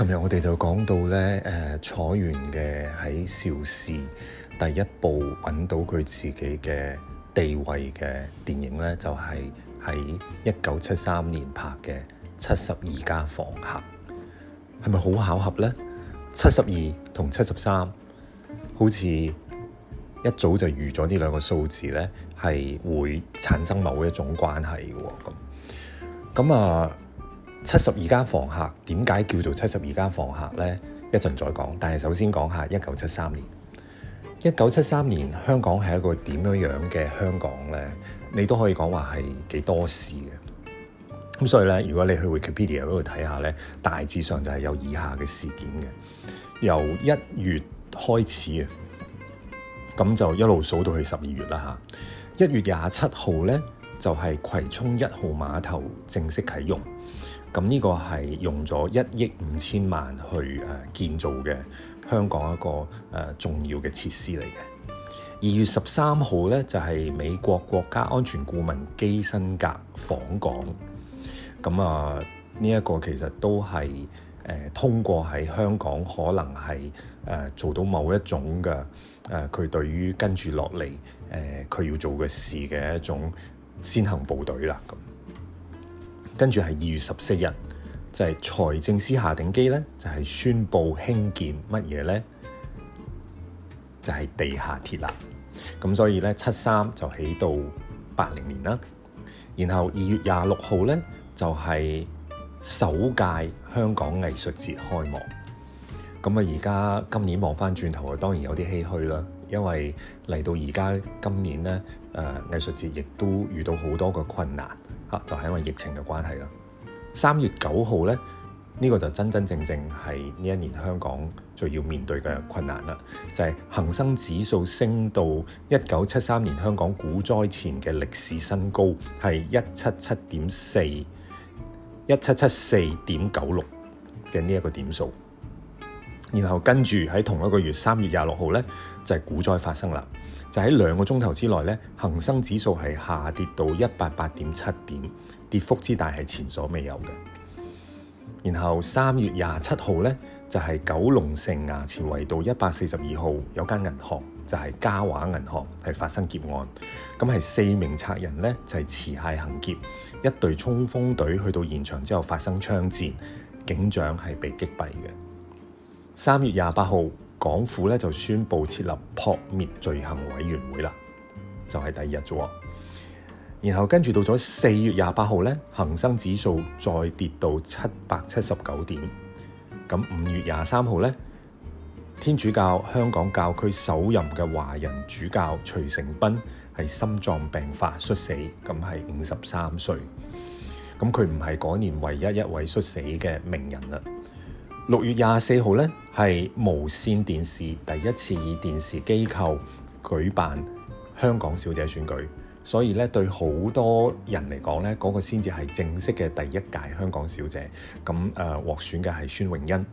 今日我哋就講到咧，誒、呃，楚原嘅喺邵氏第一部揾到佢自己嘅地位嘅電影咧，就係喺一九七三年拍嘅《七十二家房客》，係咪好巧合咧？七十二同七十三，好似一早就預咗呢兩個數字咧，係會產生某一種關係嘅、哦。咁咁啊！嗯七十二間房客，點解叫做七十二間房客呢？一陣再講。但係首先講下一九七三年，一九七三年香港係一個點樣樣嘅香港呢？你都可以講話係幾多事嘅咁，所以咧，如果你去 Wikipedia 嗰度睇下呢，大致上就係有以下嘅事件嘅。由一月開始啊，咁就一路數到去十二月啦。一月廿七號呢，就係葵涌一號碼頭正式啟用。咁呢個係用咗一億五千萬去誒建造嘅，香港一個誒重要嘅設施嚟嘅。二月十三號咧，就係美國國家安全顧問基辛格訪港。咁啊，呢一個其實都係誒通過喺香港，可能係誒做到某一種嘅誒，佢對於跟住落嚟誒佢要做嘅事嘅一種先行部隊啦咁。跟住係二月十四日，就係財政司夏鼎基咧，就係宣布興建乜嘢咧？就係地下鐵啦。咁所以咧，七三就起到八零年啦。然後二月廿六號咧，就係首屆香港藝術節開幕。咁啊，而家今年望翻轉頭啊，當然有啲唏噓啦，因為嚟到而家今年咧，誒藝術節亦都遇到好多個困難。啊、就係、是、因為疫情嘅關係啦。三月九號呢，呢、呢個就真真正正係呢一年香港最要面對嘅困難啦。就係、是、恒生指數升到一九七三年香港股災前嘅歷史新高，係一七七點四一七七四點九六嘅呢一個點數。然後跟住喺同一個月三月廿六號呢，就係、是、股災發生啦。就喺兩個鐘頭之內呢，恒生指數係下跌到一八八點七點，跌幅之大係前所未有的。然後三月廿七號呢就係、是、九龍城衙前圍道一百四十二號有間銀行就係嘉華銀行係發生劫案，咁係四名賊人呢就係、是、持械行劫，一隊衝鋒隊去到現場之後發生槍戰，警長係被擊斃嘅。三月廿八號。港府咧就宣布設立撲滅罪行委員會啦，就係第二日啫。然後跟住到咗四月廿八號咧，恒生指數再跌到七百七十九點。咁五月廿三號咧，天主教香港教區首任嘅華人主教徐成斌係心臟病發猝死，咁係五十三歲。咁佢唔係嗰年唯一一位猝死嘅名人啦。六月廿四號咧，係無線電視第一次以電視機構舉辦香港小姐選舉，所以咧對好多人嚟講咧，嗰、那個先至係正式嘅第一屆香港小姐。咁誒獲選嘅係孫泳恩。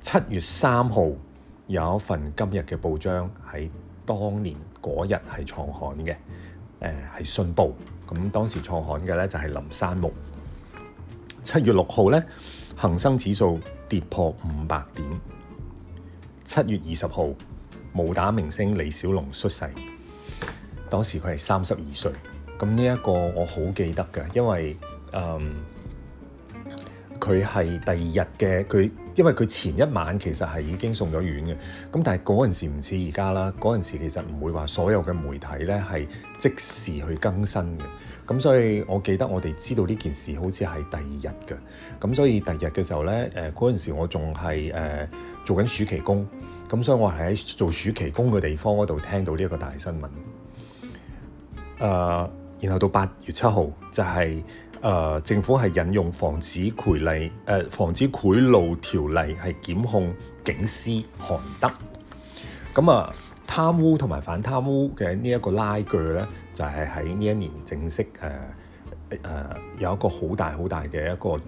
七月三號有一份今日嘅報章喺當年嗰日係創刊嘅，誒、呃、係信報。咁當時創刊嘅咧就係林山木。七月六號咧，恒生指數跌破五百點。七月二十號，武打明星李小龍逝世，當時佢係三十二歲。咁呢一個我好記得嘅，因為誒佢係第二日嘅，佢因為佢前一晚其實係已經送咗院嘅。咁但係嗰陣時唔似而家啦，嗰陣時其實唔會話所有嘅媒體咧係即時去更新嘅。咁所以，我記得我哋知道呢件事好似係第二日嘅。咁所以第二日嘅時候咧，誒嗰陣時我仲係誒做緊暑期工，咁所以我係喺做暑期工嘅地方嗰度聽到呢一個大新聞。誒、呃，然後到八月七號就係、是、誒、呃、政府係引用防止賄例誒、呃、防止賄賂條例係檢控警司韓德。咁、嗯、啊～、呃貪污同埋反貪污嘅呢一個拉鋸呢，就係喺呢一年正式誒誒、呃呃、有一個好大好大嘅一個誒誒、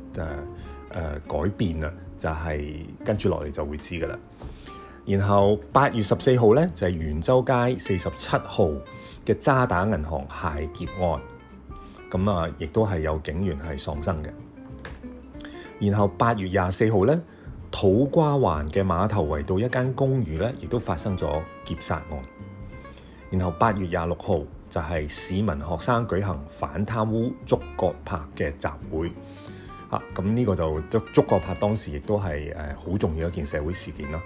呃呃、改變啦，就係、是、跟住落嚟就會知噶啦。然後八月十四號呢，就係、是、元州街四十七號嘅渣打銀行械劫案，咁啊，亦都係有警員係喪生嘅。然後八月廿四號呢，土瓜灣嘅碼頭圍到一間公寓呢，亦都發生咗。劫殺案，然後八月廿六號就係、是、市民學生舉行反貪污捉葛柏嘅集會，吓，咁呢個就捉、捉葛柏當時亦都係誒好重要的一件社會事件啦。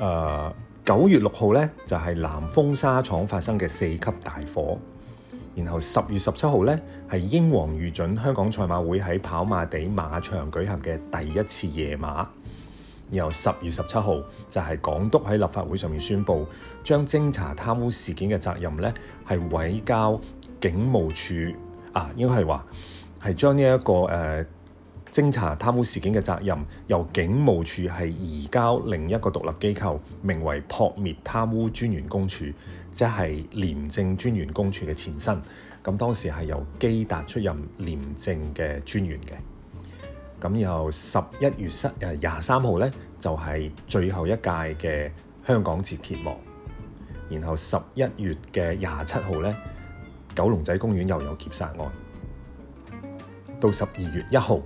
誒、呃、九月六號呢就係、是、南豐紗廠發生嘅四級大火，然後十月十七號呢係英皇御准香港賽馬會喺跑馬地馬場舉行嘅第一次夜馬。由十月十七號就係、是、港督喺立法會上面宣布，將偵查貪污事件嘅責任咧係委交警務處啊，應該係話係將呢一個誒偵、呃、查貪污事件嘅責任由警務處係移交另一個獨立機構，名為撲滅貪污專員公署，即係廉政專員公署嘅前身。咁當時係由基達出任廉政嘅專員嘅。咁然後十一月七誒廿三號咧就係最後一屆嘅香港節揭幕，然後十一月嘅廿七號咧九龍仔公園又有劫殺案，到十二月一號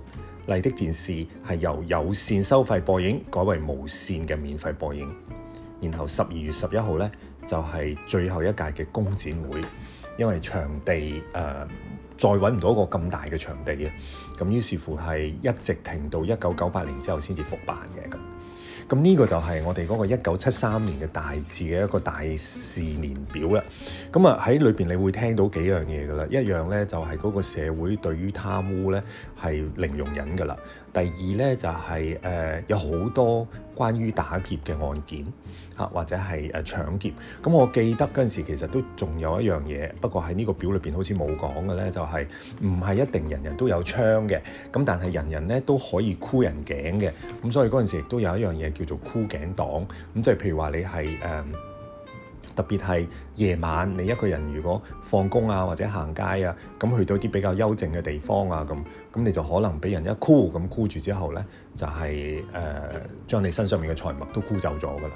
麗的電視係由有線收費播映改為無線嘅免費播映。然後十二月十一號咧就係最後一屆嘅工展會，因為場地誒，呃再揾唔到一個咁大嘅場地嘅，咁於是乎係一直停到一九九八年之後先至復辦嘅咁。咁呢個就係我哋嗰個一九七三年嘅大致嘅一個大事年表啦。咁啊喺裏邊你會聽到幾樣嘢噶啦，一樣咧就係、是、嗰個社會對於貪污咧係零容忍噶啦。第二咧就係、是、誒、呃、有好多。關於打劫嘅案件啊，或者係誒、啊、搶劫，咁我記得嗰陣時其實都仲有一樣嘢，不過喺呢個表裏邊好似冇講嘅咧，就係唔係一定人人都有槍嘅，咁但係人人咧都可以箍人頸嘅，咁所以嗰陣時亦都有一樣嘢叫做箍頸黨，咁即係譬如話你係誒。嗯特別係夜晚，你一個人如果放工啊，或者行街啊，咁去到啲比較幽靜嘅地方啊，咁咁你就可能俾人一箍咁箍住之後咧，就係、是、誒、呃、將你身上面嘅財物都箍走咗噶啦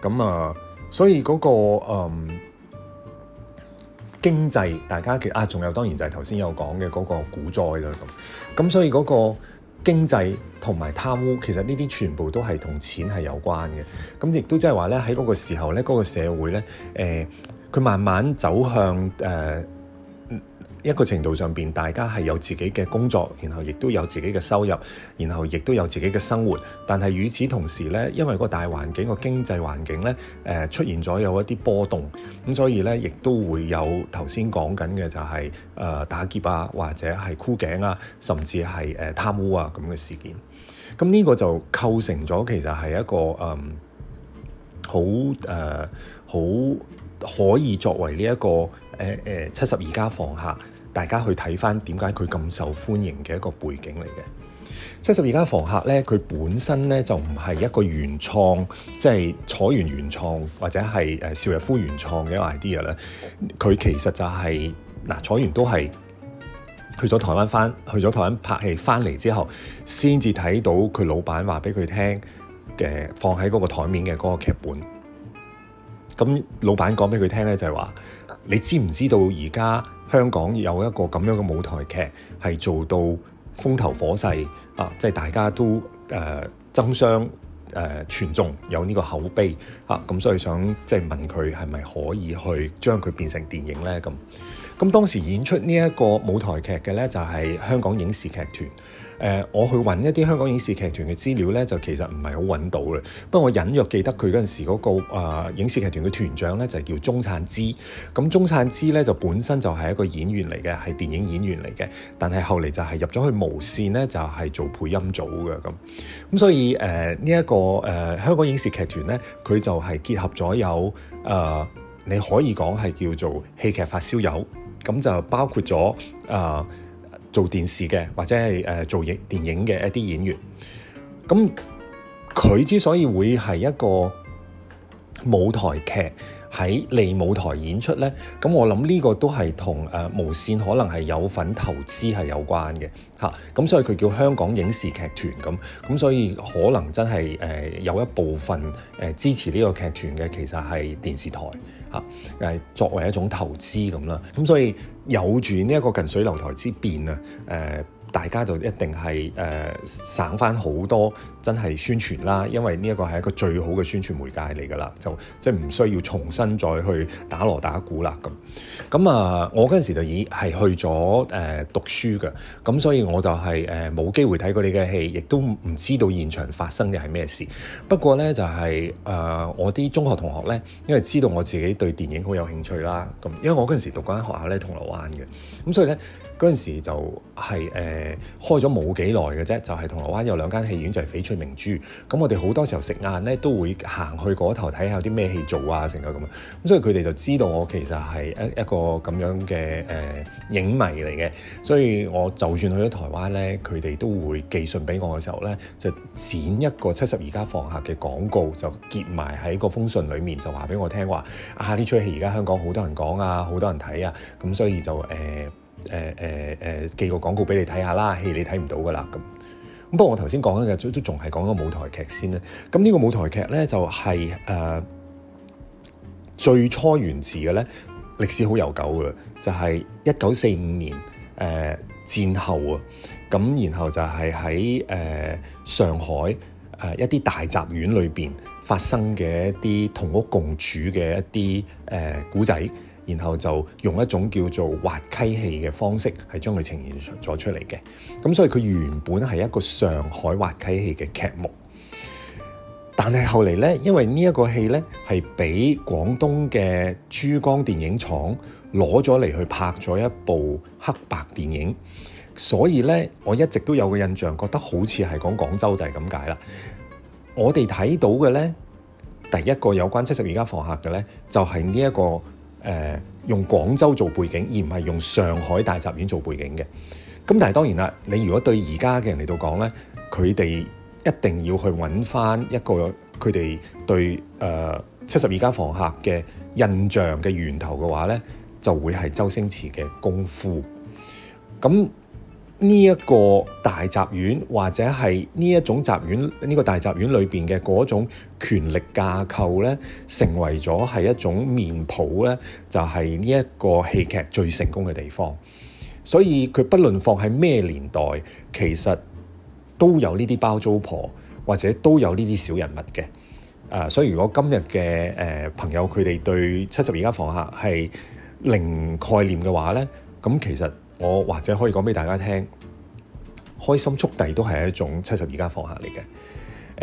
咁。咁啊，所以嗰、那個嗯經濟，大家其實啊，仲有當然就係頭先有講嘅嗰個股災啦咁。咁所以嗰、那個。經濟同埋貪污，其實呢啲全部都係同錢係有關嘅。咁亦都即係話咧，喺嗰個時候咧，嗰、嗰個社會咧，誒、呃，佢慢慢走向誒。呃一個程度上邊，大家係有自己嘅工作，然後亦都有自己嘅收入，然後亦都有自己嘅生活。但係與此同時呢，因為個大環境、這個經濟環境呢，誒、呃、出現咗有一啲波動，咁所以呢，亦都會有頭先講緊嘅就係、是、誒、呃、打劫啊，或者係箍頸啊，甚至係誒貪污啊咁嘅事件。咁呢個就構成咗其實係一個誒、嗯、好誒、呃、好可以作為呢、這、一個誒誒七十二家房客。大家去睇翻點解佢咁受歡迎嘅一個背景嚟嘅，七十二家房客咧，佢本身咧就唔係一個原創，即係楚原原創或者係誒邵逸夫原創嘅一個 idea 咧，佢其實就係嗱，楚原都係去咗台灣翻，去咗台灣拍戲翻嚟之後，先至睇到佢老闆話俾佢聽嘅放喺嗰個台面嘅嗰個劇本。咁老闆講俾佢聽咧，就係話你知唔知道而家？香港有一個咁樣嘅舞台劇係做到風頭火勢啊！即係、就是、大家都誒、呃、爭相誒、呃、傳頌，有呢個口碑啊！咁所以想即係、就是、問佢係咪可以去將佢變成電影呢？咁咁當時演出呢一個舞台劇嘅呢，就係、是、香港影視劇團。誒、呃，我去揾一啲香港影視劇團嘅資料咧，就其實唔係好揾到嘅。不過我隱約記得佢嗰陣時嗰、那個、呃、影視劇團嘅團長咧，就係叫鐘燦之。咁鐘燦之咧就本身就係一個演員嚟嘅，係電影演員嚟嘅。但係後嚟就係入咗去無線咧，就係、是、做配音組嘅咁。咁、嗯、所以誒呢一個誒、呃、香港影視劇團咧，佢就係結合咗有誒、呃，你可以講係叫做戲劇發燒友，咁、嗯、就包括咗啊。呃做電視嘅或者係、呃、做影電影嘅一啲演員，咁佢之所以會係一個舞台劇喺利舞台演出咧，咁我諗呢個都係同誒無線可能係有份投資係有關嘅。嚇咁所以佢叫香港影視劇團咁，咁所以可能真係誒有一部分誒支持呢個劇團嘅其實係電視台嚇，誒作為一種投資咁啦，咁所以有住呢一個近水樓台之便啊，誒、呃。大家就一定係、呃、省翻好多真係宣傳啦，因為呢一個係一個最好嘅宣傳媒介嚟㗎啦，就即係唔需要重新再去打鑼打鼓啦咁。咁啊，我嗰陣時就已係去咗誒、呃、讀書嘅，咁所以我就係誒冇機會睇過你嘅戲，亦都唔知道現場發生嘅係咩事。不過呢，就係、是呃、我啲中學同學呢，因為知道我自己對電影好有興趣啦，咁因為我嗰陣時讀嗰間學校咧，銅鑼灣嘅，咁所以呢。嗰陣時就係、是、誒、呃、開咗冇幾耐嘅啫，就係、是、銅鑼灣有兩間戲院就係、是、翡翠明珠。咁我哋好多時候食晏咧都會行去嗰頭睇下有啲咩戲做啊，成個咁樣。咁所以佢哋就知道我其實係一一個咁樣嘅誒、呃、影迷嚟嘅。所以我就算去咗台灣咧，佢哋都會寄信俾我嘅時候咧，就剪一個七十二家房客嘅廣告，就結埋喺個封信裏面，就話俾我聽話啊！呢出戲而家香港好多人講啊，好多人睇啊。咁所以就誒。呃誒誒誒，寄個廣告俾你睇下啦，戲你睇唔到噶啦，咁。不過我頭先講緊嘅都都仲係講個舞台劇先啦。咁呢個舞台劇咧就係、是、誒、呃、最初源自嘅咧，歷史好悠久嘅，就係一九四五年誒、呃、戰後啊。咁然後就係喺誒上海誒、呃、一啲大雜院裏邊發生嘅一啲同屋共處嘅一啲誒古仔。呃然後就用一種叫做滑稽戲嘅方式，係將佢呈現咗出嚟嘅。咁所以佢原本係一個上海滑稽戲嘅劇目，但係後嚟呢，因為呢一個戲呢係俾廣東嘅珠江電影廠攞咗嚟去拍咗一部黑白電影，所以呢，我一直都有個印象，覺得好似係講廣州就係咁解啦。我哋睇到嘅呢，第一個有關七十二家房客嘅呢，就係呢一個。誒、呃、用廣州做背景，而唔係用上海大雜院做背景嘅。咁但係當然啦，你如果對而家嘅人嚟到講呢，佢哋一定要去揾翻一個佢哋對誒七十二家房客嘅印象嘅源頭嘅話呢，就會係周星馳嘅功夫。咁、嗯呢一個大雜院，或者係呢一種雜院，呢個大雜院裏邊嘅嗰種權力架構咧，成為咗係一種麵譜咧，就係呢一個戲劇最成功嘅地方。所以佢不論放喺咩年代，其實都有呢啲包租婆或者都有呢啲小人物嘅。啊，所以如果今日嘅誒朋友佢哋對七十二家房客係零概念嘅話咧，咁其實～我或者可以講俾大家聽，開心速遞都係一種七十二家房客嚟嘅。誒、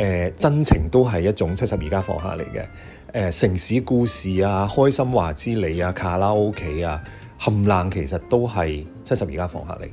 呃，真情都係一種七十二家房客嚟嘅。誒、呃，城市故事啊，開心華之理啊，卡拉 OK 啊，冚冷其實都係七十二家房客嚟。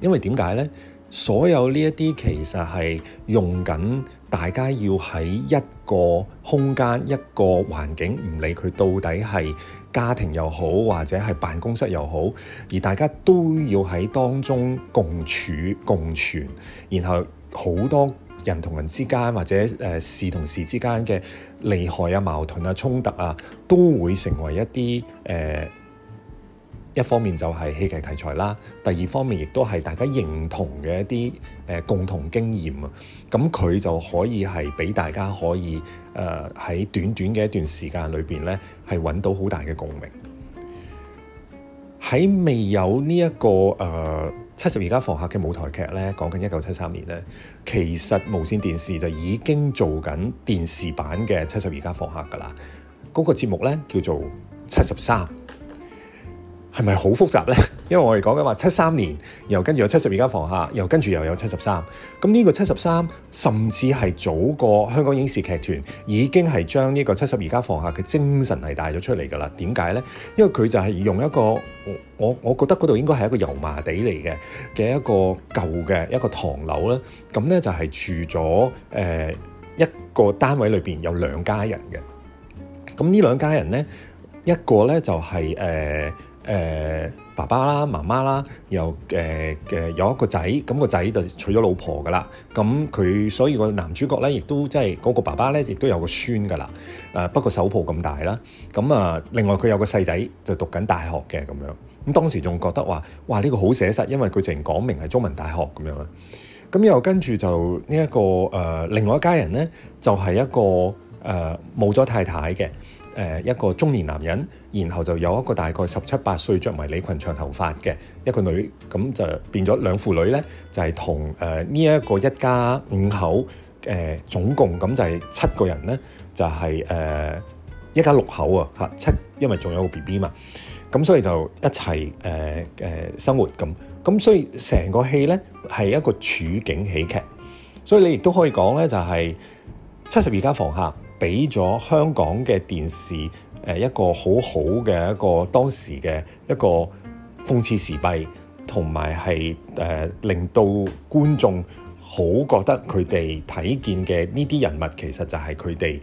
因為點解咧？所有呢一啲其實係用緊大家要喺一個空間、一個環境，唔理佢到底係。家庭又好，或者係辦公室又好，而大家都要喺當中共處共存，然後好多人同人之間，或者、呃、事同事之間嘅利害啊、矛盾啊、衝突啊，都會成為一啲呃一方面就係戲劇題材啦，第二方面亦都係大家認同嘅一啲誒共同經驗啊，咁佢就可以係俾大家可以誒喺、呃、短短嘅一段時間裏邊咧，係揾到好大嘅共鳴。喺未有呢、這、一個誒七十二家房客嘅舞台劇咧，講緊一九七三年咧，其實無線電視就已經做緊電視版嘅七十二家房客噶啦，嗰、那個節目咧，叫做七十三。係咪好複雜咧？ 因為我哋講緊話七三年，又跟住有七十二家房客，又跟住又有七十三。咁呢個七十三，甚至係早過香港影視劇團，已經係將呢個七十二家房客嘅精神係帶咗出嚟噶啦。點解咧？因為佢就係用一個我我覺得嗰度應該係一個油麻地嚟嘅嘅一個舊嘅一個唐樓咧。咁咧就係住咗、呃、一個單位裏面有兩家人嘅。咁呢兩家人咧，一個咧就係、是呃誒、嗯、爸爸啦、媽媽啦，又誒、呃呃、有一個仔，咁、個仔就娶咗老婆噶啦。咁佢所以個男主角咧，亦都即係嗰個爸爸咧，亦都有個孫噶啦。不過手抱咁大啦。咁啊，另外佢有個細仔就讀緊大學嘅咁樣。咁當時仲覺得話，哇呢、呢個好寫實，因為佢直情講明係中文大學咁樣啦。咁又跟住就呢一、個誒、呃、另外一家人咧，就係、係、一個誒冇咗太太嘅。誒一個中年男人，然後就有一個大概十七八歲，着埋禮裙長頭髮嘅一個女，咁就變咗兩父女咧，就係同誒呢一個一家五口，誒、呃、總共咁就係七個人咧，就係、是、誒、呃、一家六口啊，嚇七，因為仲有個 B B 嘛，咁所以就一齊誒誒生活咁，咁所以成個戲咧係一個處境喜劇，所以你亦都可以講咧就係七十二家房客。俾咗香港嘅電視誒一個好好嘅一個當時嘅一個諷刺時弊，同埋係誒令到觀眾好覺得佢哋睇見嘅呢啲人物，其實就係佢哋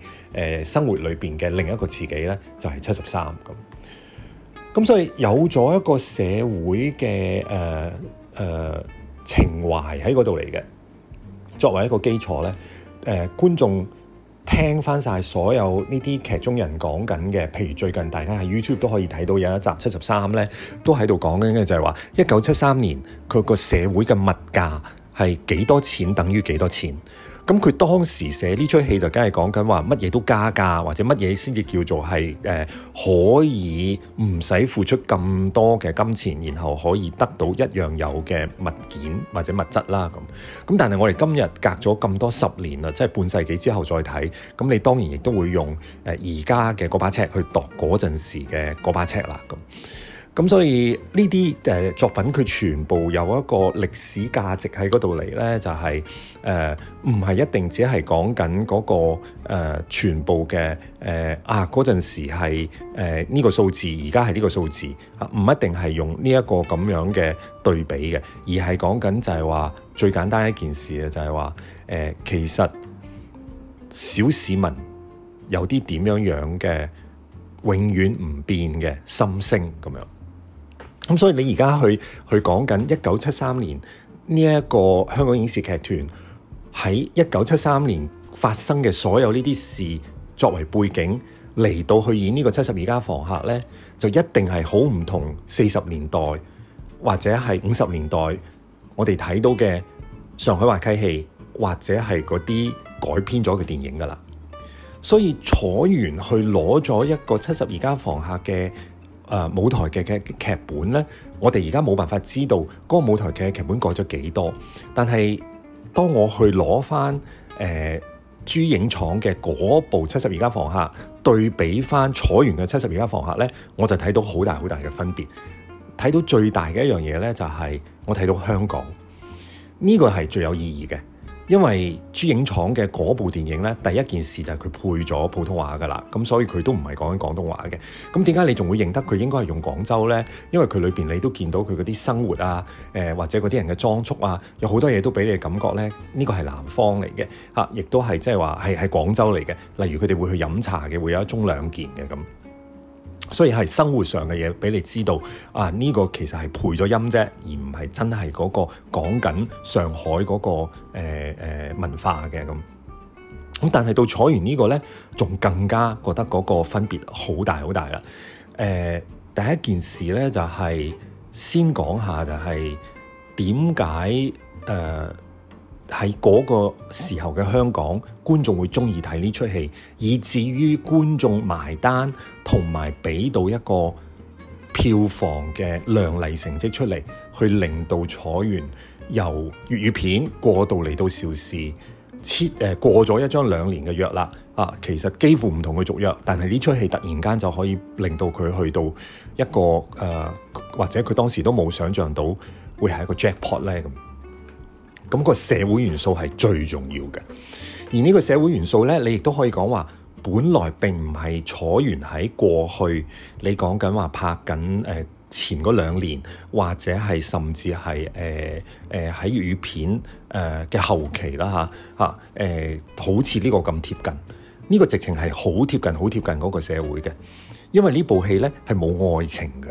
誒生活裏邊嘅另一個自己咧，就係七十三咁。咁所以有咗一個社會嘅誒誒情懷喺嗰度嚟嘅，作為一個基礎咧，誒、呃、觀眾。聽翻晒所有呢啲劇中人講緊嘅，譬如最近大家喺 YouTube 都可以睇到有一集七十三咧，都喺度講緊嘅就係話一九七三年佢個社會嘅物價係幾多錢等於幾多錢。咁佢當時寫呢出戲就梗係講緊話乜嘢都加價，或者乜嘢先至叫做係、呃、可以唔使付出咁多嘅金錢，然後可以得到一樣有嘅物件或者物質啦咁。咁但係我哋今日隔咗咁多十年啦，即係半世紀之後再睇，咁你當然亦都會用而家嘅嗰把尺去度嗰陣時嘅嗰把尺啦咁。咁所以呢啲誒作品，佢全部有一個歷史價值喺嗰度嚟咧，就係誒唔係一定只係講緊嗰個誒、呃、全部嘅誒啊嗰陣時係誒呢個數字，而家係呢個數字啊，唔一定係用呢一個咁樣嘅對比嘅，而係講緊就係話最簡單一件事嘅，就係話誒其實小市民有啲點樣樣嘅永遠唔變嘅心聲咁樣。咁所以你而家去去講緊一九七三年呢一個香港影視劇團喺一九七三年發生嘅所有呢啲事，作為背景嚟到去演呢個七十二家房客咧，就一定係好唔同四十年代或者係五十年代我哋睇到嘅上海滑稽戲或者係嗰啲改編咗嘅電影噶啦。所以楚原去攞咗一個七十二家房客嘅。誒、呃、舞台劇嘅劇本呢，我哋而家冇辦法知道嗰個舞台劇嘅劇本改咗幾多，但係當我去攞翻誒珠影廠嘅嗰部七十二家房客，對比翻楚原嘅七十二家房客呢，我就睇到好大好大嘅分別。睇到最大嘅一樣嘢呢，就係、是、我睇到香港呢、呢個係最有意義嘅。因為珠影廠嘅嗰部電影呢，第一件事就係佢配咗普通話噶啦，咁所以佢都唔係講緊廣東話嘅。咁點解你仲會認得佢應該係用廣州呢？因為佢裏邊你都見到佢嗰啲生活啊，誒或者嗰啲人嘅裝束啊，有好多嘢都俾你嘅感覺呢。呢個係南方嚟嘅，嚇、啊，亦都係即係話係喺廣州嚟嘅。例如佢哋會去飲茶嘅，會有一盅兩件嘅咁。所以係生活上嘅嘢俾你知道，啊呢個其實係配咗音啫，而唔係真係嗰個講緊上海嗰個誒誒文化嘅咁。咁但係到坐完呢個咧，仲更加覺得嗰個分別好大好大啦。誒第一件事咧就係先講下就係點解誒。呃喺嗰個時候嘅香港觀眾會中意睇呢出戲，以至於觀眾埋單同埋俾到一個票房嘅亮麗成績出嚟，去令到楚原由粵語片過渡嚟到邵氏，切誒過咗一張兩年嘅約啦。啊，其實幾乎唔同佢續約，但係呢出戲突然間就可以令到佢去到一個誒、呃，或者佢當時都冇想像到會係一個 jackpot 咧咁。咁個社會元素係最重要嘅，而呢個社會元素呢，你亦都可以講話，本來並唔係坐完喺過去，你講緊話拍緊誒前嗰兩年，或者係甚至係誒喺粵語片嘅後期啦吓吓誒，好似呢個咁貼近，呢個直情係好貼近好貼近嗰個社會嘅，因為呢部戲呢係冇愛情嘅，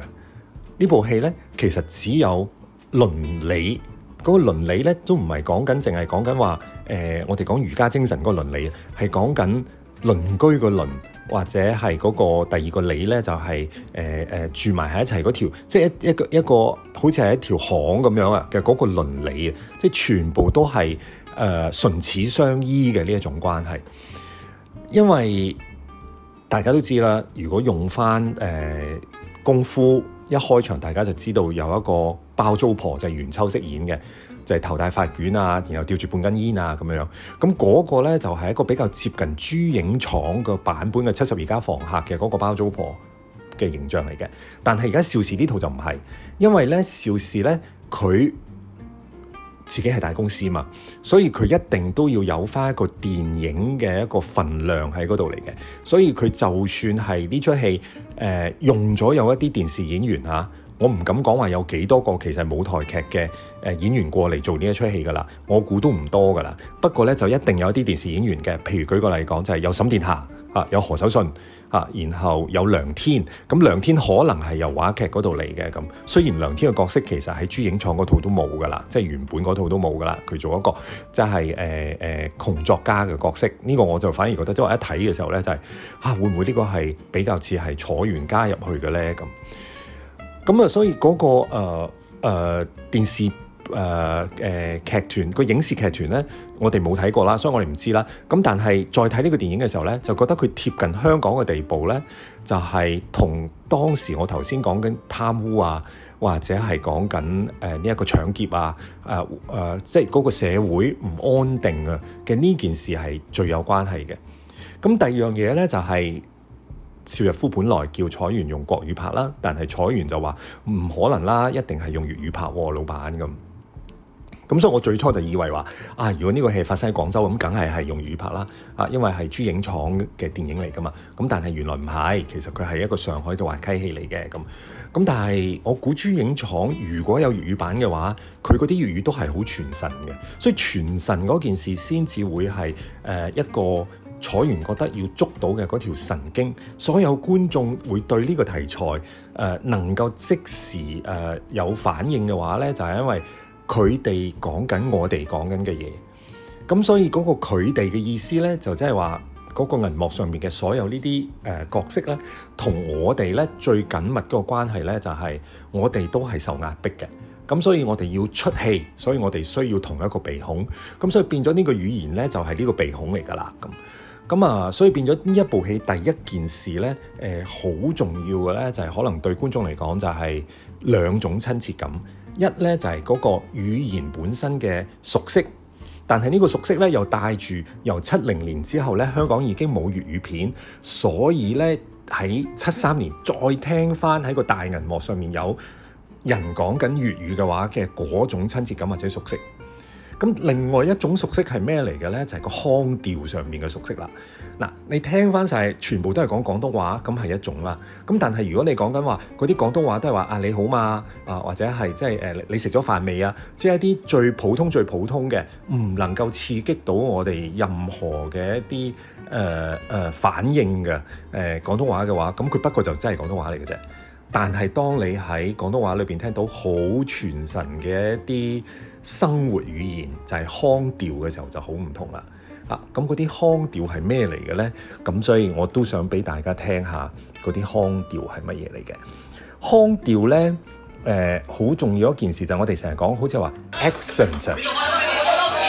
呢部戲呢，其實只有倫理。嗰、那個倫理咧，都唔係講緊，淨係講緊話，誒，我哋講儒家精神嗰個倫理，係講緊鄰居個鄰，或者係嗰個第二個理咧，就係誒誒住埋喺一齊嗰條，即係一一個一個，好似係一條巷咁樣啊嘅嗰個倫理啊，即係全部都係誒唇齒相依嘅呢一種關係，因為大家都知啦，如果用返誒、呃、功夫。一開場，大家就知道有一個包租婆，就係、是、元秋飾演嘅，就係、是、頭戴髮卷啊，然後吊住半根煙啊咁樣。咁、那、嗰個呢，就係、是、一個比較接近珠影廠個版本嘅七十二家房客嘅嗰、那個包租婆嘅形象嚟嘅。但係而家邵氏呢套就唔係，因為呢邵氏呢，佢自己係大公司嘛，所以佢一定都要有翻一個電影嘅一個份量喺嗰度嚟嘅。所以佢就算係呢出戲。誒、嗯、用咗有一啲電視演員吓，我唔敢講話有幾多個其實舞台劇嘅、誒演員過嚟做呢一出戲㗎啦，我估都唔多㗎啦。不過咧就一定有一啲電視演員嘅，譬如舉個例講就係、是、有沈殿霞。啊，有何守信啊，然後有梁天，咁、啊、梁天可能係由話劇嗰度嚟嘅咁。雖然梁天嘅角色其實喺珠影廠嗰套都冇㗎喇，即係原本嗰套都冇㗎喇。佢做了一個即係誒誒窮作家嘅角色，呢、這個我就反而覺得，即係一睇嘅時候咧，就係、是、啊會唔會呢個係比較似係楚原加入去嘅咧咁。咁啊，所以嗰、那個誒誒、呃呃、電視。誒、呃、誒、呃、劇團個影視劇團呢，我哋冇睇過啦，所以我哋唔知啦。咁但係再睇呢個電影嘅時候呢，就覺得佢貼近香港嘅地步呢，就係、是、同當時我頭先講緊貪污啊，或者係講緊誒呢一個搶劫啊，誒、呃、誒、呃、即係嗰個社會唔安定啊嘅呢件事係最有關係嘅。咁第二樣嘢呢，就係邵逸夫本來叫楚原用國語拍啦，但係楚原就話唔可能啦，一定係用粵語拍喎、啊，老闆咁。咁所以，我最初就以為話啊，如果呢個戲發生喺廣州咁，梗係係用粵語拍啦啊，因為係珠影廠嘅電影嚟㗎嘛。咁但係原來唔係，其實佢係一個上海嘅滑稽戲嚟嘅咁。咁但係我估珠影廠如果有粵語版嘅話，佢嗰啲粵語都係好傳神嘅。所以傳神嗰件事先至會係誒、呃、一個彩員覺得要捉到嘅嗰條神經，所有觀眾會對呢個題材誒、呃、能夠即時誒、呃、有反應嘅話咧，就係、是、因為。佢哋講緊我哋講緊嘅嘢，咁所以嗰個佢哋嘅意思咧，就即係話嗰個銀幕上面嘅所有呢啲、呃、角色咧，同我哋咧最緊密嗰個關係咧，就係、是、我哋都係受壓迫嘅，咁所以我哋要出氣，所以我哋需要同一個鼻孔，咁所以變咗呢個語言咧，就係、是、呢個鼻孔嚟噶啦，咁咁啊，所以變咗呢一部戲第一件事咧，好、呃、重要嘅咧，就係、是、可能對觀眾嚟講就係兩種親切感。一呢就係嗰個語言本身嘅熟悉，但係呢個熟悉呢，又帶住由七零年之後呢，香港已經冇粵語片，所以呢喺七三年再聽翻喺個大銀幕上面有人講緊粵語嘅話嘅嗰種親切感或者熟悉。咁另外一種熟悉係咩嚟嘅呢？就係個腔調上面嘅熟悉啦。嗱，你聽翻晒，全部都係講廣東話，咁係一種啦。咁但係如果你講緊話嗰啲廣東話都係話啊你好嘛啊，或者係即係你食咗飯未啊？即係一啲最普通最普通嘅，唔能夠刺激到我哋任何嘅一啲誒、呃呃、反應嘅誒、呃、廣東話嘅話，咁佢不過就真係廣東話嚟嘅啫。但係當你喺廣東話裏面聽到好傳神嘅一啲，生活語言就係、是、腔調嘅時候就好唔同啦啊！咁嗰啲腔調係咩嚟嘅咧？咁所以我都想俾大家聽下嗰啲腔調係乜嘢嚟嘅。腔調咧，誒、呃、好重要一件事就係、是、我哋成日講好似話 accent。Accenture.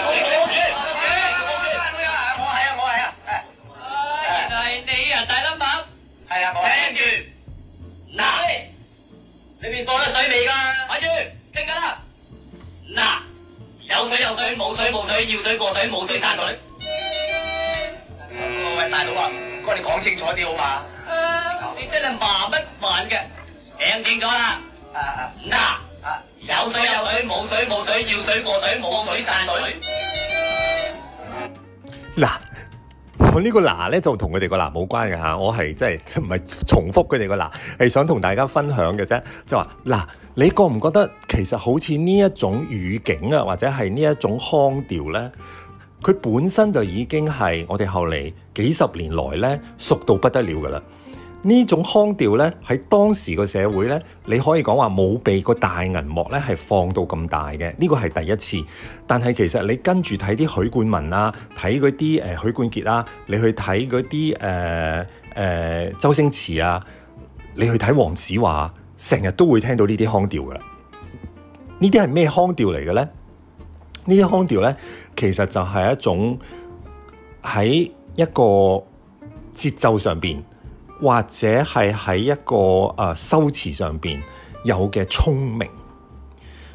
呢個嗱咧就同佢哋個嗱冇關嘅嚇，我係即係唔係重複佢哋個嗱，係想同大家分享嘅啫。就話嗱，你覺唔覺得其實好似呢一種語境啊，或者係呢一種腔調咧，佢本身就已經係我哋後嚟幾十年來咧熟到不得了嘅啦。這種呢種腔調咧，喺當時個社會咧，你可以講話冇被個大銀幕咧係放到咁大嘅。呢個係第一次。但係其實你跟住睇啲許冠文啦、啊，睇嗰啲誒許冠傑啦、啊，你去睇嗰啲誒誒周星馳啊，你去睇黃子華，成日都會聽到呢啲腔調噶啦。呢啲係咩腔調嚟嘅咧？呢啲腔調咧，其實就係一種喺一個節奏上邊。或者係喺一個誒修辭上邊有嘅聰明，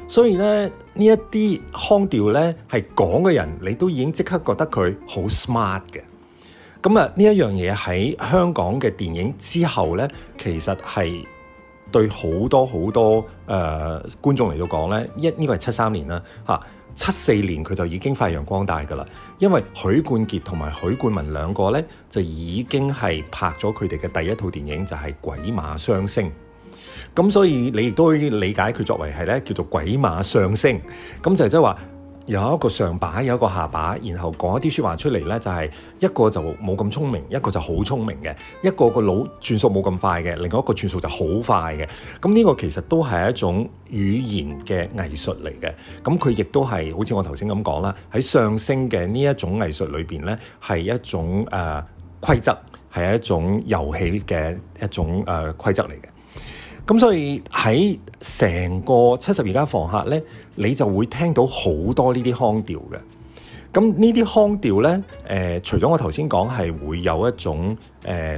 所以咧呢一啲腔調咧係講嘅人，你都已經即刻覺得佢好 smart 嘅。咁啊，呢一樣嘢喺香港嘅電影之後咧，其實係對好多好多誒、呃、觀眾嚟到講咧，一、這、呢個係七三年啦嚇。啊。七四年佢就已經發揚光大㗎啦，因為許冠傑同埋許冠文兩個咧就已經係拍咗佢哋嘅第一套電影，就係、是《鬼馬雙星》。咁所以你亦都可以理解佢作為係咧叫做《鬼馬雙星》。咁就即係話。有一個上把，有一個下把，然後講一啲説話出嚟呢，就係、是、一個就冇咁聰明，一個就好聰明嘅，一個個腦轉速冇咁快嘅，另外一個轉速就好快嘅。咁、這、呢個其實都係一種語言嘅藝術嚟嘅。咁佢亦都係好似我頭先咁講啦，喺上升嘅呢一種藝術裏邊呢，係、呃、一種誒規則，係一種遊戲嘅一種誒規則嚟嘅。咁、呃、所以喺成個七十二家房客呢。你就會聽到好多呢啲腔調嘅，咁呢啲腔調呢，呃、除咗我頭先講係會有一種、呃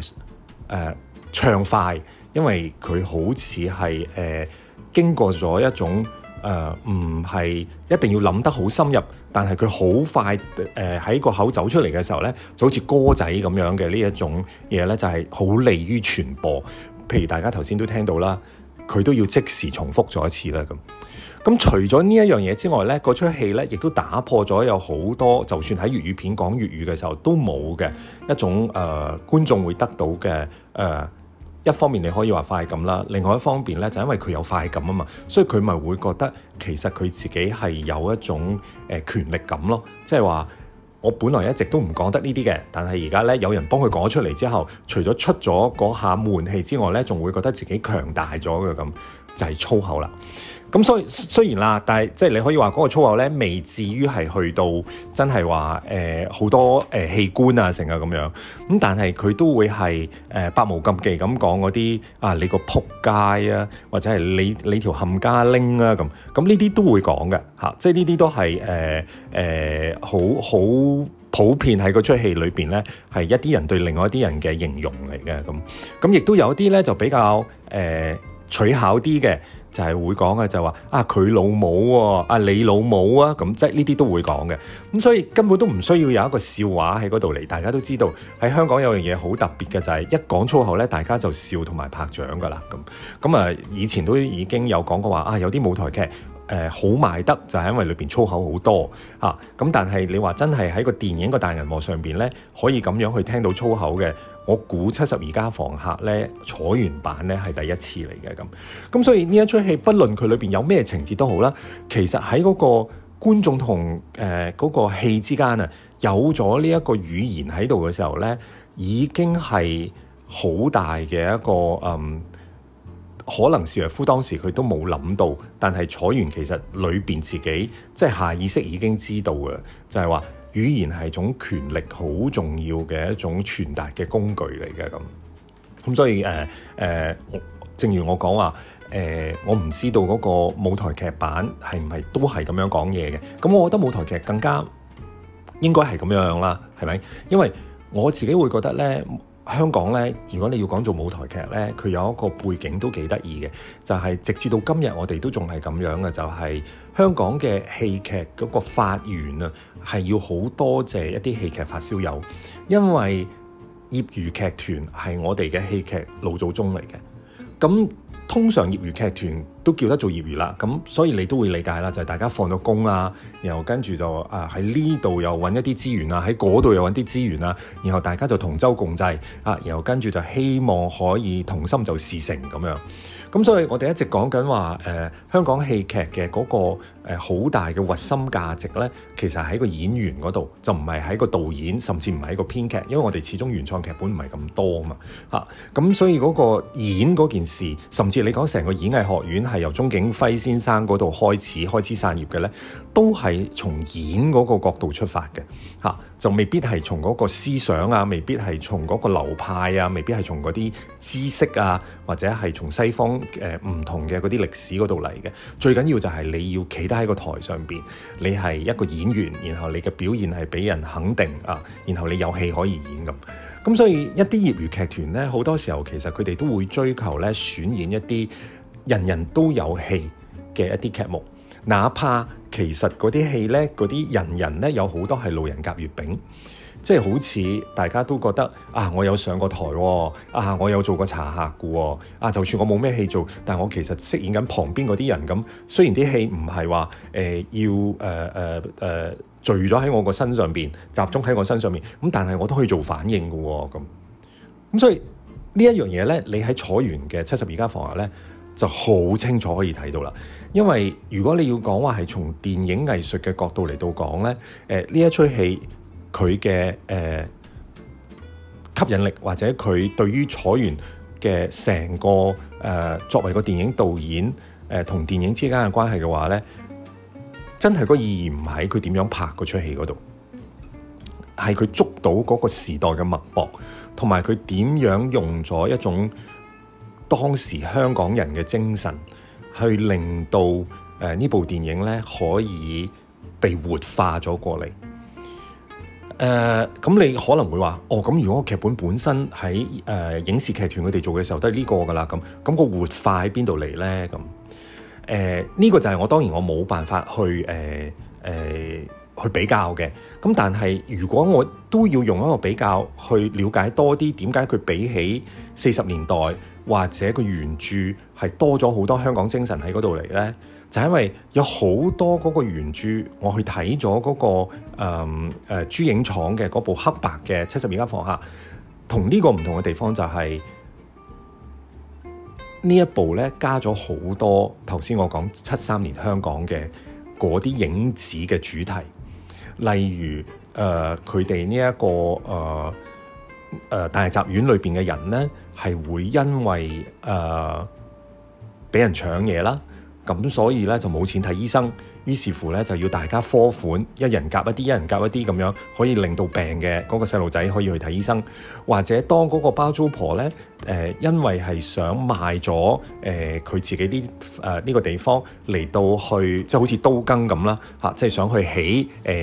呃、暢快，因為佢好似係、呃、經過咗一種唔係、呃、一定要諗得好深入，但係佢好快喺個、呃、口走出嚟嘅時候呢，就好似歌仔咁樣嘅呢一種嘢呢，就係好利於傳播。譬如大家頭先都聽到啦，佢都要即時重複咗一次啦咁。咁除咗呢一樣嘢之外咧，嗰出戲咧亦都打破咗有好多，就算喺粵語片講粵語嘅時候都冇嘅一種誒、呃，觀眾會得到嘅誒、呃。一方面你可以話快感啦，另外一方面咧就因為佢有快感啊嘛，所以佢咪會覺得其實佢自己係有一種誒、呃、權力感咯。即係話我本來一直都唔講得呢啲嘅，但係而家咧有人幫佢講出嚟之後，除咗出咗嗰下悶氣之外咧，仲會覺得自己強大咗嘅咁。就係、是、粗口啦，咁所以雖然啦，但係即係你可以話嗰個粗口咧，未至於係去到真係話誒好多誒、呃、器官啊成啊咁樣，咁但係佢都會係誒、呃、百無禁忌咁講嗰啲啊，你個仆街啊，或者係你你條冚家拎啊咁，咁呢啲都會講嘅嚇，即係呢啲都係誒誒好好普遍喺個出戲裏邊咧，係一啲人對另外一啲人嘅形容嚟嘅咁，咁亦都有一啲咧就比較誒。呃取巧啲嘅就係會講嘅，就話啊佢老母喎，啊，啊你老母啊，咁即係呢啲都會講嘅，咁所以根本都唔需要有一個笑話喺嗰度嚟，大家都知道喺香港有樣嘢好特別嘅就係一講粗口咧，大家就笑同埋拍掌噶啦咁，咁啊以前都已經有講過話啊，有啲舞台劇。誒、呃、好賣得就係，是，因為裏邊粗口好多嚇，咁，啊、但係你話真係喺個電影個大銀幕上邊咧，可以咁樣去聽到粗口嘅，我估七十二家房客咧，楚原版咧係第一次嚟嘅咁。咁所以呢一出戲，不論佢裏邊有咩情節都好啦，其實喺嗰個觀眾同誒嗰個戲之間啊，有咗呢一個語言喺度嘅時候咧，已經係好大嘅一個嗯。可能邵逸夫當時佢都冇諗到，但係楚原其實裏邊自己即係下意識已經知道嘅，就係、是、話語言係一種權力好重要嘅一種傳達嘅工具嚟嘅咁。咁、嗯、所以誒誒、呃呃，正如我講話誒、呃，我唔知道嗰個舞台劇版係唔係都係咁樣講嘢嘅。咁我覺得舞台劇更加應該係咁樣樣啦，係咪？因為我自己會覺得咧。香港咧，如果你要講做舞台劇咧，佢有一個背景都幾得意嘅，就係直至到今日我哋都仲係咁樣嘅，就係香港嘅戲劇嗰個發源啊，係要好多謝一啲戲劇發燒友，因為業餘劇團係我哋嘅戲劇老祖宗嚟嘅，咁通常業餘劇團。都叫得做業餘啦，咁所以你都會理解啦，就係大家放咗工啊，然後跟住就啊喺呢度又揾一啲資源啊，喺嗰度又揾啲資源啊，然後大家就同舟共濟啊，然後跟住就希望可以同心就事成咁樣。咁所以我哋一直講緊話誒香港戲劇嘅嗰個，誒好大嘅核心價值咧，其實喺個演員嗰度，就唔係喺個導演，甚至唔係喺個編劇，因為我哋始終原創劇本唔係咁多啊嘛，吓、啊，咁所以嗰個演嗰件事，甚至你講成個演藝學院係由鍾景輝先生嗰度開始開始散業嘅咧，都係從演嗰個角度出發嘅，吓、啊，就未必係從嗰個思想啊，未必係從嗰個流派啊，未必係從嗰啲知識啊，或者係從西方誒唔、呃、同嘅嗰啲歷史嗰度嚟嘅，最緊要就係你要企得。喺個台上邊，你係一個演員，然後你嘅表現係俾人肯定啊，然後你有戲可以演咁。咁所以一啲業餘劇團呢，好多時候其實佢哋都會追求咧，選演一啲人人都有戲嘅一啲劇目，哪怕其實嗰啲戲呢，嗰啲人人呢，有好多係路人甲乙丙。即係好似大家都覺得啊，我有上過台喎、哦，啊，我有做過茶客嘅喎、哦，啊，就算我冇咩戲做，但係我其實飾演緊旁邊嗰啲人咁。雖然啲戲唔係話誒要誒誒誒聚咗喺我個身上邊，集中喺我的身上面咁，但係我都可以做反應嘅喎、哦，咁咁所以這呢一樣嘢咧，你喺楚原嘅七十二家房客入咧就好清楚可以睇到啦。因為如果你要講話係從電影藝術嘅角度嚟到講咧，誒、呃、呢一齣戲。佢嘅誒吸引力，或者佢對於楚原嘅成個誒、呃、作為個電影導演誒、呃、同電影之間嘅關係嘅話咧，真係個意義唔喺佢點樣拍嗰出戲嗰度，係佢捉到嗰個時代嘅脈搏，同埋佢點樣用咗一種當時香港人嘅精神，去令到誒呢、呃、部電影咧可以被活化咗過嚟。誒、uh, 咁你可能會話，哦咁如果劇本本身喺誒、呃、影視劇團佢哋做嘅時候都係呢個噶啦，咁咁、嗰個活化喺邊度嚟咧？咁誒呢個就係我當然我冇辦法去誒誒、呃呃、去比較嘅。咁但係如果我都要用一個比較去了解多啲，點解佢比起四十年代？或者個原著係多咗好多香港精神喺嗰度嚟呢，就因為有好多嗰個原著，我去睇咗嗰個誒、嗯呃、珠影廠嘅嗰部黑白嘅七十二家房客，同呢個唔同嘅地方就係、是、呢一部呢加咗好多頭先我講七三年香港嘅嗰啲影子嘅主題，例如誒佢哋呢一個誒。呃誒、呃，大宅院裏邊嘅人咧，係會因為誒俾、呃、人搶嘢啦，咁所以咧就冇錢睇醫生。於是乎咧，就要大家科款，一人夾一啲，一人夾一啲咁樣，可以令到病嘅嗰個細路仔可以去睇醫生，或者當嗰個包租婆咧，誒、呃，因為係想賣咗誒佢自己啲誒呢個地方嚟到去，即、就、係、是、好似刀羹咁啦，嚇、啊，即、就、係、是、想去起誒、呃、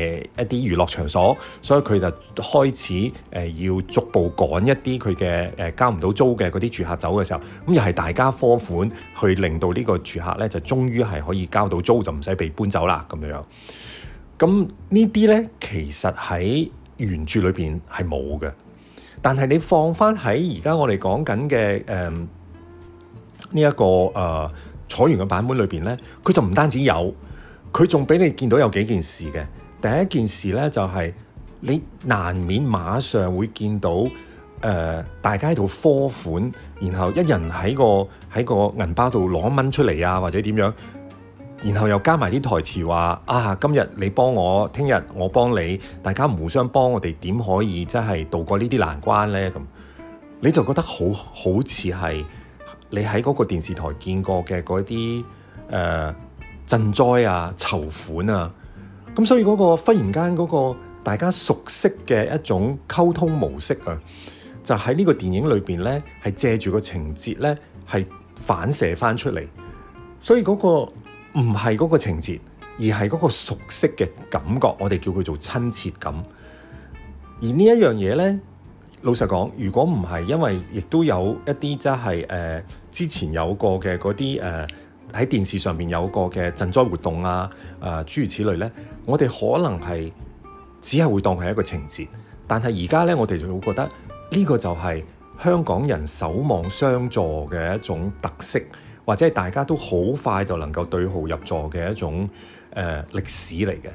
一啲娛樂場所，所以佢就開始誒、呃、要逐步趕一啲佢嘅誒交唔到租嘅嗰啲住客走嘅時候，咁又係大家科款去令到呢個住客咧就終於係可以交到租就唔使被搬。走啦咁樣樣，咁呢啲咧，其實喺原著裏邊係冇嘅，但係你放翻喺而家我哋講緊嘅誒呢一個誒楚原嘅版本裏邊咧，佢就唔單止有，佢仲俾你見到有幾件事嘅。第一件事咧就係、是、你難免馬上會見到誒、呃、大家喺度科款，然後一人喺個喺個銀包度攞蚊出嚟啊，或者點樣？然後又加埋啲台詞話：啊，今日你幫我，聽日我幫你，大家唔互相幫，我哋點可以真係渡過呢啲難關呢？」咁你就覺得好好似係你喺嗰個電視台見過嘅嗰啲誒，賑、呃、災啊、籌款啊，咁所以嗰個忽然間嗰個大家熟悉嘅一種溝通模式啊，就喺呢個電影裏面呢，係借住個情節呢，係反射翻出嚟，所以嗰、嗰個。唔係嗰個情節，而係嗰個熟悉嘅感覺，我哋叫佢做親切感。而呢一樣嘢呢，老實講，如果唔係因為，亦都有一啲即係誒之前有過嘅嗰啲誒喺電視上面有過嘅賑災活動啊，啊、呃、諸如此類呢，我哋可能係只係會當係一個情節。但係而家呢，我哋就會覺得呢、這個就係香港人守望相助嘅一種特色。或者大家都好快就能夠對號入座嘅一種誒、呃、歷史嚟嘅，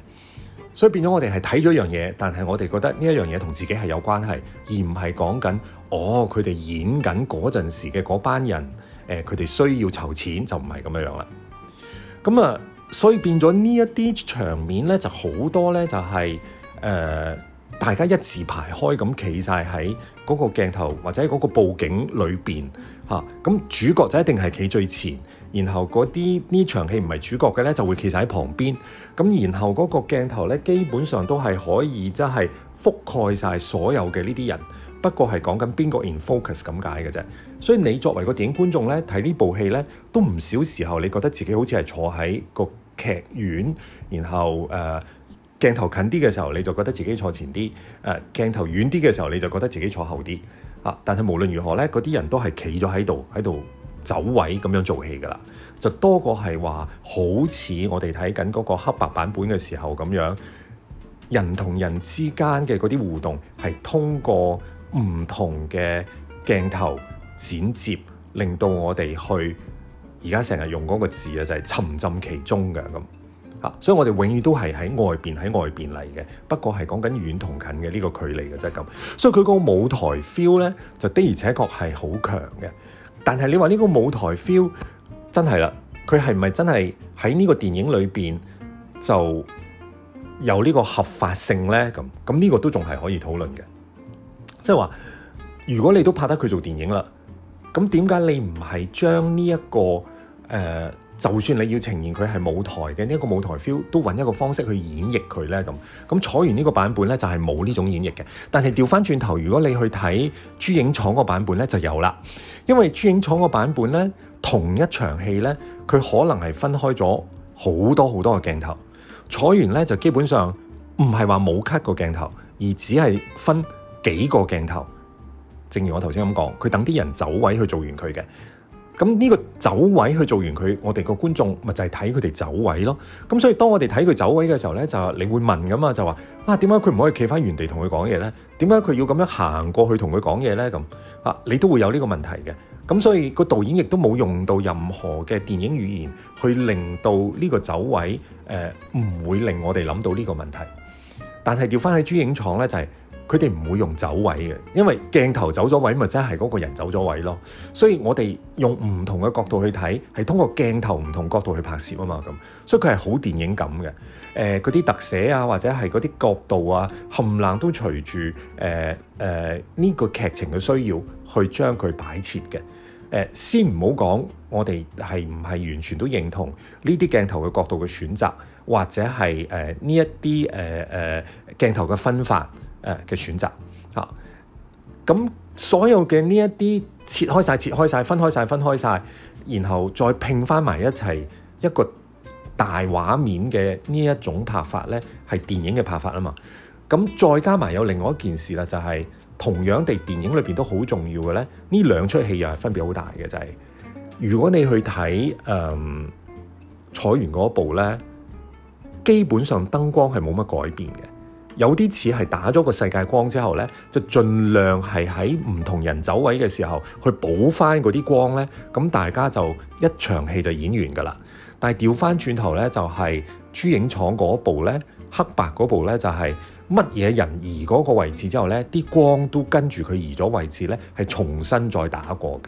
所以變咗我哋係睇咗一樣嘢，但係我哋覺得呢一樣嘢同自己係有關係，而唔係講緊哦佢哋演緊嗰陣時嘅嗰班人誒佢哋需要籌錢就唔係咁樣樣啦。咁啊，所以變咗呢一啲場面咧就好多咧，就係誒、就係呃、大家一字排開咁企晒喺嗰個鏡頭或者嗰個佈景裏邊。嚇，咁主角就一定係企最前，然後嗰啲呢場戲唔係主角嘅咧，就會企晒喺旁邊。咁然後嗰個鏡頭咧，基本上都係可以即係覆蓋晒所有嘅呢啲人。不過係講緊邊個 in focus 咁解嘅啫。所以你作為個電影觀眾咧，睇呢部戲咧，都唔少時候你覺得自己好似係坐喺個劇院，然後誒、呃、鏡頭近啲嘅時候你就覺得自己坐前啲，誒、呃、鏡頭遠啲嘅時候你就覺得自己坐後啲。啊！但係無論如何咧，嗰啲人都係企咗喺度，喺度走位咁樣做戲噶啦，就多過係話好似我哋睇緊嗰個黑白版本嘅時候咁樣，人同人之間嘅嗰啲互動係通過唔同嘅鏡頭剪接，令到我哋去而家成日用嗰個字啊，就係沉浸其中嘅咁。嚇、啊！所以我哋永遠都係喺外邊，喺外邊嚟嘅。不過係講緊遠同近嘅呢個距離嘅啫咁。所以佢個舞台 feel 咧，就的而且確係好強嘅。但係你話呢個舞台 feel 真係啦，佢係唔係真係喺呢個電影裏邊就有呢個合法性咧？咁咁呢個都仲係可以討論嘅。即係話，如果你都拍得佢做電影啦，咁點解你唔係將呢一個誒？呃就算你要呈現佢係舞台嘅呢一個舞台 feel，都揾一個方式去演繹佢呢咁。咁楚原呢個版本呢，就係冇呢種演繹嘅。但係調翻轉頭，如果你去睇珠影廠個版本呢，就有啦。因為珠影廠個版本呢，同一場戲呢，佢可能係分開咗好多好多個鏡頭。楚原呢，就基本上唔係話冇 cut 個鏡頭，而只係分幾個鏡頭。正如我頭先咁講，佢等啲人走位去做完佢嘅。咁呢個走位去做完佢，我哋個觀眾咪就係睇佢哋走位咯。咁所以當我哋睇佢走位嘅時候呢，就你會問噶嘛，就話啊點解佢唔可以企翻原地同佢講嘢呢？點解佢要咁樣行過去同佢講嘢呢？咁啊，你都會有呢個問題嘅。咁所以個導演亦都冇用到任何嘅電影語言去令到呢個走位呃，唔會令我哋諗到呢個問題。但係調翻喺珠影廠呢，就係。佢哋唔會用走位嘅，因為鏡頭走咗位，咪真係嗰個人走咗位咯。所以我哋用唔同嘅角度去睇，係通過鏡頭唔同角度去拍攝啊嘛。咁，所以佢係好電影感嘅。誒、呃，嗰啲特寫啊，或者係嗰啲角度啊，冚冷都隨住誒誒呢個劇情嘅需要去將佢擺設嘅。誒、呃，先唔好講我哋係唔係完全都認同呢啲鏡頭嘅角度嘅選擇，或者係誒呢一啲誒誒鏡頭嘅分法。誒嘅選擇嚇，咁、啊、所有嘅呢一啲切開晒、切開晒、分開晒、分開晒，然後再拼翻埋一齊一個大畫面嘅呢一種拍法咧，係電影嘅拍法啊嘛。咁再加埋有另外一件事啦，就係、是、同樣地，電影裏邊都好重要嘅咧。呢兩出戲又係分別好大嘅，就係、是、如果你去睇誒《彩、嗯、雲》嗰部咧，基本上燈光係冇乜改變嘅。有啲似係打咗個世界光之後呢，就盡量係喺唔同人走位嘅時候去補翻嗰啲光呢。咁大家就一場戲就演完㗎啦。但係調翻轉頭呢，就係珠影廠嗰部呢，黑白嗰部呢、就是，就係乜嘢人移嗰個位置之後呢，啲光都跟住佢移咗位置呢，係重新再打過嘅。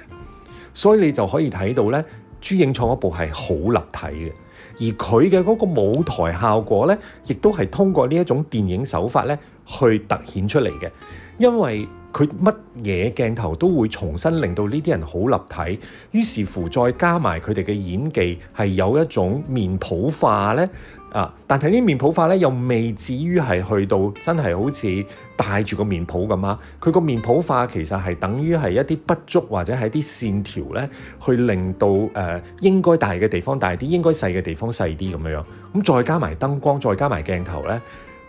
所以你就可以睇到呢，珠影廠嗰部係好立體嘅。而佢嘅嗰個舞台效果呢，亦都係通過呢一種電影手法呢，去突顯出嚟嘅。因為佢乜嘢鏡頭都會重新令到呢啲人好立體，於是乎再加埋佢哋嘅演技，係有一種面譜化呢。啊！但係呢面譜化咧，又未至於係去到真係好似戴住個面譜咁啊！佢個面譜化其實係等於係一啲不足或者係啲線條咧，去令到誒、呃、應該大嘅地方大啲，應該細嘅地方細啲咁樣。咁、嗯、再加埋燈光，再加埋鏡頭咧，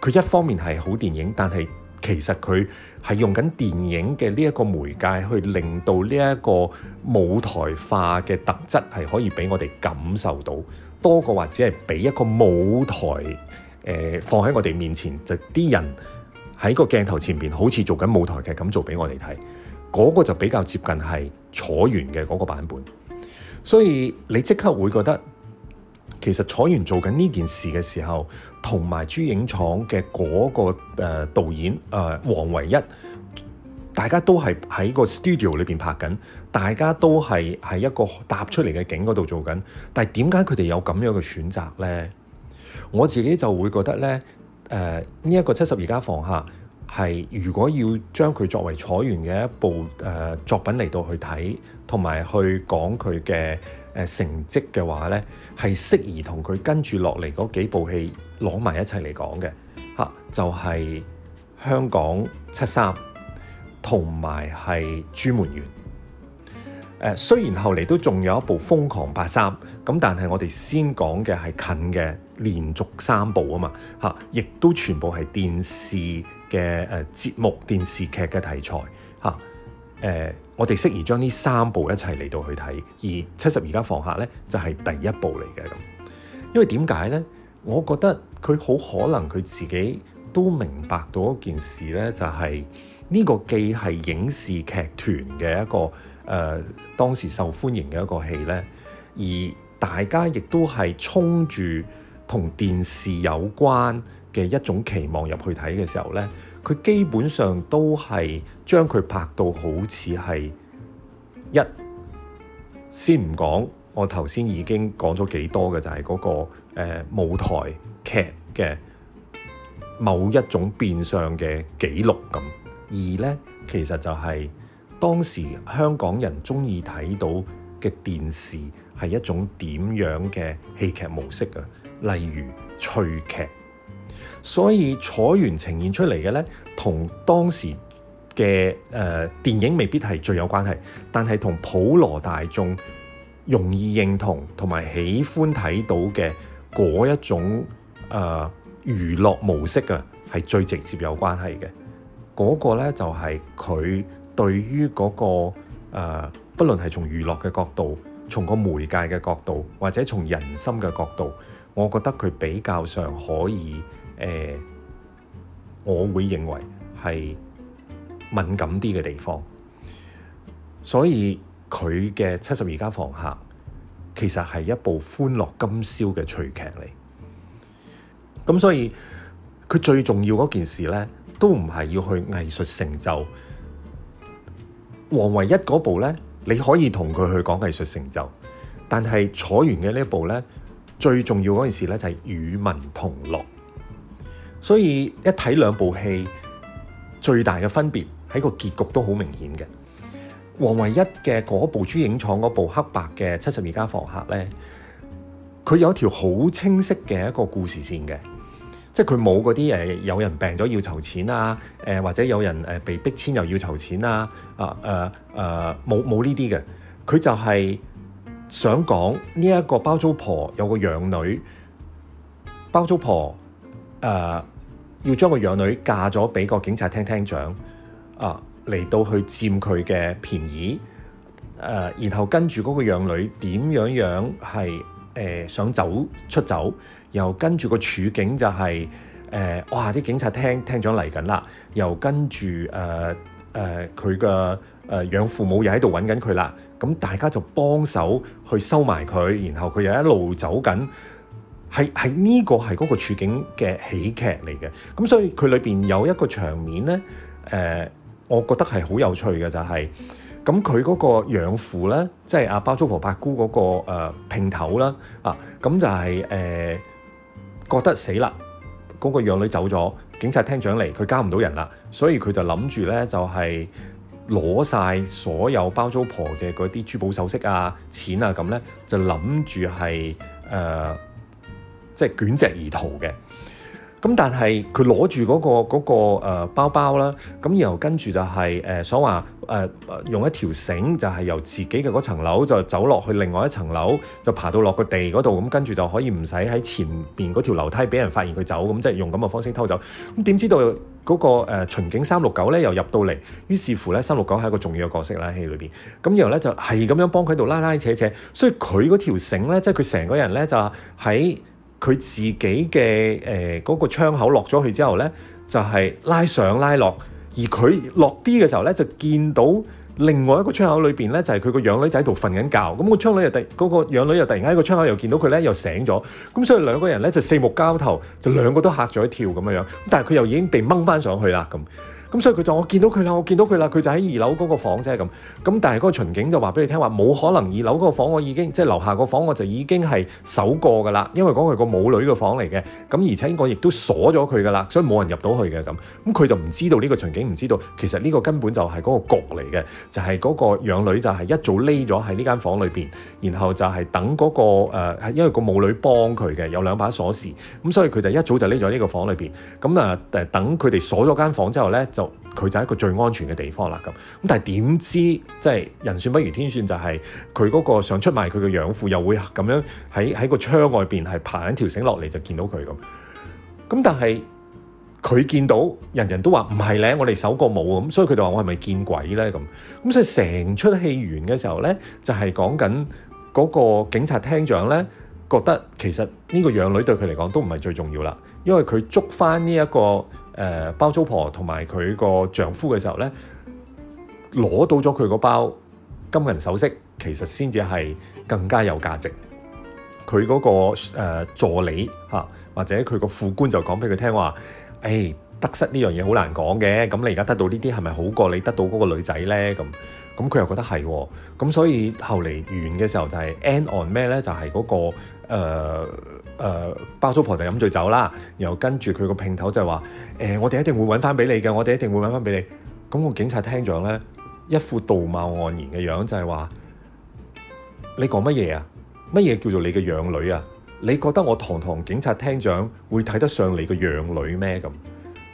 佢一方面係好電影，但係其實佢係用緊電影嘅呢一個媒介去令到呢一個舞台化嘅特質係可以俾我哋感受到。多過或者係俾一個舞台誒、呃、放喺我哋面前，就啲人喺個鏡頭前邊，好似做緊舞台劇咁做俾我哋睇。嗰、嗰個就比較接近係楚原嘅嗰個版本，所以你即刻會覺得其實楚原做緊呢件事嘅時候，同埋珠影廠嘅嗰個誒導演誒、呃、王唯一，大家都係喺個 studio 裏邊拍緊。大家都係喺一個搭出嚟嘅景嗰度做緊，但係點解佢哋有咁樣嘅選擇呢？我自己就會覺得呢，誒呢一個七十二家房客係如果要將佢作為楚原嘅一部誒、呃、作品嚟到去睇，同埋去講佢嘅、呃、成績嘅話呢，係適宜同佢跟住落嚟嗰幾部戲攞埋一齊嚟講嘅。嚇、啊、就係、是、香港七三同埋係朱門怨。誒，雖然後嚟都仲有一部《瘋狂八三》，咁但係我哋先講嘅係近嘅連續三部啊嘛嚇，亦都全部係電視嘅誒節目、電視劇嘅題材嚇。誒，我哋適宜將呢三部一齊嚟到去睇，而《七十二家房客》咧就係、是、第一部嚟嘅咁。因為點解咧？我覺得佢好可能佢自己都明白到一件事咧、就是，就係呢個既係影視劇團嘅一個。誒、呃、當時受歡迎嘅一個戲呢，而大家亦都係衝住同電視有關嘅一種期望入去睇嘅時候呢，佢基本上都係將佢拍到好似係一先唔講，我頭先已經講咗幾多嘅就係嗰、那個、呃、舞台劇嘅某一種變相嘅記錄咁。二呢，其實就係、是。當時香港人中意睇到嘅電視係一種點樣嘅戲劇模式啊？例如趣劇，所以楚原呈現出嚟嘅呢，同當時嘅誒、呃、電影未必係最有關係，但係同普羅大眾容易認同同埋喜歡睇到嘅嗰一種誒、呃、娛樂模式啊，係最直接有關係嘅嗰、那個呢，就係佢。對於嗰個誒，不論係從娛樂嘅角度，從個媒介嘅角度，或者從人心嘅角度，我覺得佢比較上可以誒、呃，我會認為係敏感啲嘅地方。所以佢嘅七十二家房客其實係一部歡樂今宵嘅趣劇嚟。咁所以佢最重要嗰件事呢，都唔係要去藝術成就。王為一嗰部咧，你可以同佢去講藝術成就，但係楚原嘅呢一部咧，最重要嗰件事咧就係與民同樂。所以一睇兩部戲，最大嘅分別喺個結局都好明顯嘅。王為一嘅嗰部珠影廠嗰部黑白嘅七十二家房客咧，佢有一條好清晰嘅一個故事線嘅。即係佢冇嗰啲誒，有人病咗要籌錢啊，誒或者有人誒被逼遷又要籌錢啊，啊誒誒冇冇呢啲嘅，佢、啊啊、就係想講呢一個包租婆有個養女，包租婆誒、啊、要將個養女嫁咗俾個警察廳廳長啊，嚟到去佔佢嘅便宜誒、啊，然後跟住嗰個養女點樣樣係。誒、呃、想走出走，又跟住個處境就係、是、誒、呃，哇！啲警察廳廳長嚟緊啦，又跟住誒佢嘅誒養父母又喺度揾緊佢啦，咁、嗯、大家就幫手去收埋佢，然後佢又一路走緊，係係呢個係嗰個處境嘅喜劇嚟嘅，咁、嗯、所以佢裏邊有一個場面咧，誒、呃，我覺得係好有趣嘅就係、是。咁佢嗰個養父咧，即係阿包租婆八姑嗰、嗰個平、呃、頭啦，啊，咁就係、是、誒、呃、覺得死啦，嗰、嗰個養女走咗，警察廳長嚟，佢交唔到人啦，所以佢就諗住咧，就係攞晒所有包租婆嘅嗰啲珠寶首飾啊、錢啊咁咧，就諗住係即係卷席而逃嘅。咁但係佢攞住嗰個嗰、那個、包包啦，咁然後跟住就係誒所話誒、呃、用一條繩，就係、是、由自己嘅嗰層樓就走落去另外一層樓，就爬到落個地嗰度，咁跟住就可以唔使喺前邊嗰條樓梯俾人發現佢走，咁即係用咁嘅方式偷走。咁點知道嗰個巡警三六九咧又入到嚟，於是乎咧三六九係一個重要嘅角色啦，戲裏面，咁然後咧就係、是、咁樣幫佢度拉拉扯扯，所以佢嗰條繩咧即係佢成個人咧就喺、是。佢自己嘅嗰、呃，那個窗口落咗去之後呢，就係、是、拉上拉落，而佢落啲嘅時候呢，就見到另外一個窗口裏邊呢，就係佢個養女仔喺度瞓緊覺。咁、那個窗女又嗰、那個養女又突然間喺個窗口又見到佢呢，又醒咗。咁所以兩個人呢，就四目交投，就兩個都嚇咗一跳咁樣樣。但係佢又已經被掹翻上去啦咁。咁所以佢就我見到佢啦，我見到佢啦，佢就喺二樓嗰個房啫咁。咁但係嗰個巡警就話俾佢聽話，冇可能二樓嗰個房，我已經即係樓下個房，我就已經係搜過㗎啦。因為講佢個母女嘅房嚟嘅，咁而且我亦都鎖咗佢㗎啦，所以冇人入到去嘅咁。咁佢就唔知道呢個巡警唔知道，其實呢個根本就係嗰個局嚟嘅，就係嗰個養女就係一早匿咗喺呢間房裏邊，然後就係等嗰個、呃、因為個母女幫佢嘅，有兩把鎖匙，咁所以佢就一早就匿咗呢個房裏邊，咁啊誒等佢哋鎖咗間房之後咧佢就係一個最安全嘅地方啦，咁咁但係點知即係人算不如天算，就係，就係佢嗰個想出賣佢嘅養父，又會咁樣喺喺個窗外邊係爬一條繩落嚟，就見到佢咁。咁但係佢見到人人都話唔係咧，我哋守過冇咁，所以佢就話我係咪見鬼咧咁？咁所以成出戲完嘅時候咧，就係講緊嗰個警察廳長咧，覺得其實呢個養女對佢嚟講都唔係最重要啦，因為佢捉翻呢一個。誒、呃、包租婆同埋佢個丈夫嘅時候咧，攞到咗佢嗰包金銀首飾，其實先至係更加有價值。佢嗰、那個、呃、助理嚇、啊，或者佢個副官就講俾佢聽話：誒得失呢樣嘢好難講嘅。咁你而家得到呢啲係咪好過你得到嗰個女仔咧？咁咁佢又覺得係喎、哦。咁所以後嚟完嘅時候就係 end on 咩咧？就係、是、嗰、那個、呃誒、呃、包租婆，婆就飲醉酒啦，然後跟住佢個平頭就話：誒、呃，我哋一定會揾翻俾你嘅，我哋一定會揾翻俾你的。咁、嗯，那個警察廳長咧，一副道貌岸然嘅樣子，就係、是、話：你講乜嘢啊？乜嘢叫做你嘅養女啊？你覺得我堂堂警察廳長會睇得上你嘅養女咩？咁、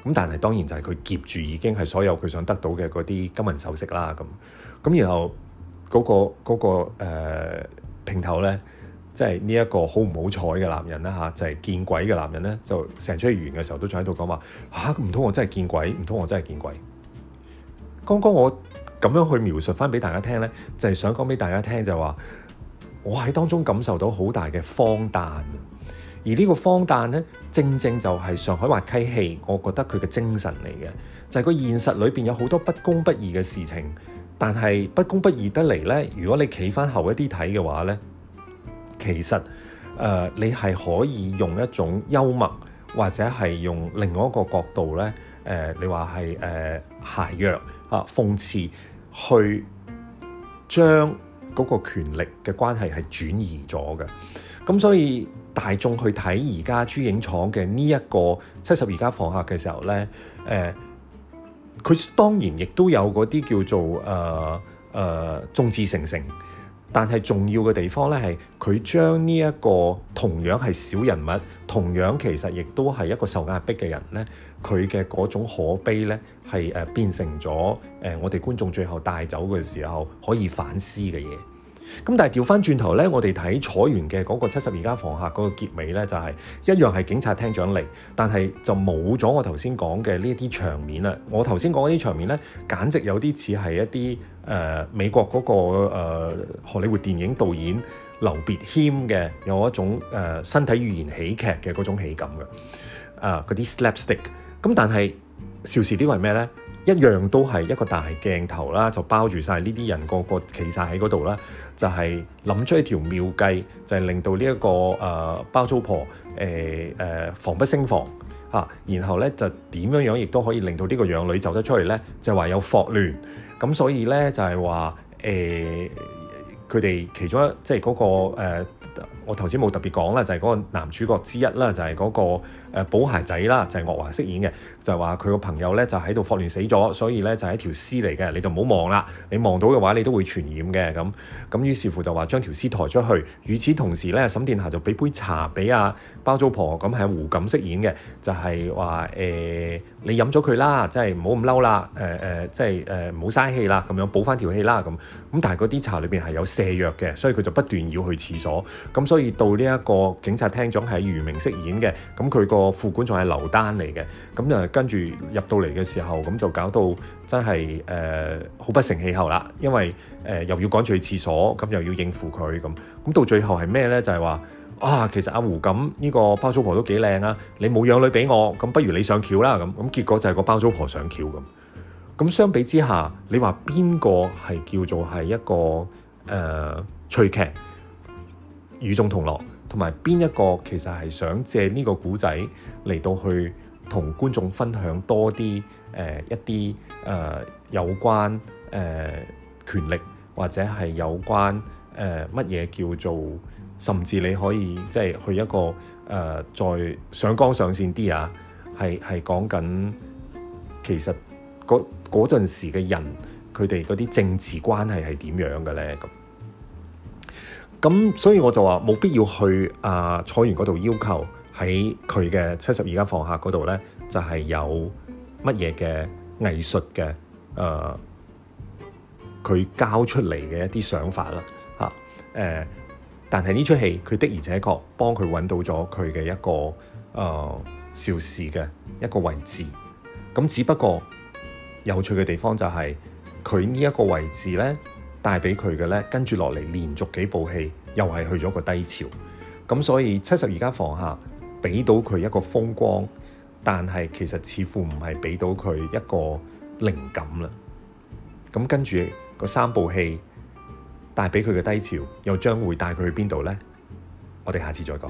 嗯、咁，但係當然就係佢劫住已經係所有佢想得到嘅嗰啲金銀首飾啦。咁、嗯、咁，然後嗰、那個嗰、那個誒、呃、平頭咧。即係呢一個好唔好彩嘅男人啦，嚇，就係見鬼嘅男人咧，就成出嚟完嘅時候都仲喺度講話吓，唔通我真係見鬼？唔通我真係見鬼？剛剛我咁樣去描述翻俾大家聽咧，就係想講俾大家聽就話，我喺當中感受到好大嘅荒誕，而呢個荒誕咧，正正就係上海滑稽戲，我覺得佢嘅精神嚟嘅，就係個現實裏邊有好多不公不義嘅事情，但係不公不義得嚟咧，如果你企翻後一啲睇嘅話咧。其實誒、呃，你係可以用一種幽默，或者係用另外一個角度咧，誒、呃，你話係誒諧謔啊、諷刺，去將嗰個權力嘅關係係轉移咗嘅。咁所以大眾去睇而家珠影廠嘅呢一個七十二家房客嘅時候咧，誒、呃，佢當然亦都有嗰啲叫做誒誒、呃呃、眾志成城。但係重要嘅地方呢，係佢將呢一個同樣係小人物，同樣其實亦都係一個受壓迫嘅人呢，佢嘅嗰種可悲呢，係變成咗我哋觀眾最後帶走嘅時候可以反思嘅嘢。咁但係調翻轉頭咧，我哋睇彩園嘅嗰個七十二家房客嗰個結尾咧、就是，就係一樣係警察廳長嚟，但係就冇咗我頭先講嘅呢一啲場面啦。我頭先講嗰啲場面咧，簡直有啲似係一啲誒、呃、美國嗰、那個誒、呃、荷里活電影導演劉別謙嘅有一種誒、呃、身體語言喜劇嘅嗰種喜感嘅，誒嗰啲 slapstick。咁 slap 但係邵氏啲為咩咧？一樣都係一個大鏡頭啦，就包住晒呢啲人個個企晒喺嗰度啦，就係、是、諗出一條妙計，就係、是、令到呢、這、一個誒、呃、包租婆誒誒、呃呃、防不勝防嚇、啊，然後咧就點樣樣亦都可以令到呢個養女走得出嚟咧，就係話、是、有霍亂，咁所以咧就係話誒佢哋其中一即係嗰、那個、呃我頭先冇特別講啦，就係、是、嗰個男主角之一啦，就係、是、嗰、那個誒、呃、補鞋仔啦，就係岳華飾演嘅，就話佢個朋友咧就喺度霍亂死咗，所以咧就係、是、一條屍嚟嘅，你就唔好望啦，你望到嘅話你都會傳染嘅咁咁，於是乎就話將條屍抬出去。與此同時咧，沈殿霞就俾杯茶俾阿、啊、包租婆，咁係胡錦飾演嘅，就係話誒你飲咗佢啦，即係唔好咁嬲啦，誒誒即係誒唔好嘥氣啦，咁樣補翻條氣啦咁咁，但係嗰啲茶裏邊係有瀉藥嘅，所以佢就不斷要去廁所，咁所以可以到呢一個警察廳長係余明飾演嘅，咁佢個副官仲係劉丹嚟嘅，咁就係跟住入到嚟嘅時候，咁就搞到真係誒好不成氣候啦，因為誒、呃、又要趕住去廁所，咁又要應付佢咁，咁到最後係咩咧？就係、是、話啊，其實阿胡錦呢個包租婆都幾靚啊，你冇養女俾我，咁不如你上轎啦咁，咁結果就係個包租婆上轎咁。咁相比之下，你話邊個係叫做係一個誒、呃、趣劇？與眾同樂，同埋邊一個其實係想借呢個古仔嚟到去同觀眾分享多啲誒一啲誒、呃呃、有關誒、呃、權力或者係有關誒乜嘢叫做，甚至你可以即係、就是、去一個誒、呃、再上江上線上綱上線啲啊，係係講緊其實嗰嗰陣時嘅人佢哋嗰啲政治關係係點樣嘅咧咁。咁所以我就話冇必要去啊，蔡源嗰度要求喺佢嘅七十二家房客嗰度咧，就係、是、有乜嘢嘅藝術嘅誒，佢、呃、交出嚟嘅一啲想法啦嚇誒。但係呢出戲佢的而且確幫佢揾到咗佢嘅一個誒肇、呃、事嘅一個位置。咁只不過有趣嘅地方就係佢呢一個位置咧。帶俾佢嘅咧，跟住落嚟連續幾部戲又係去咗個低潮，咁所以七十二間房客俾到佢一個風光，但係其實似乎唔係俾到佢一個靈感啦。咁跟住嗰三部戲帶俾佢嘅低潮，又將會帶佢去邊度咧？我哋下次再講。